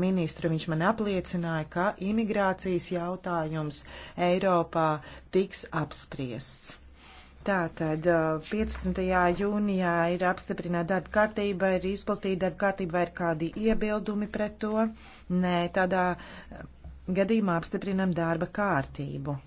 ministru, viņš man apliecināja, ka imigrācijas jautājums Eiropā tiks apspriests. Tātad 15. jūnijā ir apstiprināta darba kārtība, ir izplatīta darba kārtība, vai ir kādi iebildumi pret to? Nē, tādā gadījumā apstiprinam darba kārtību.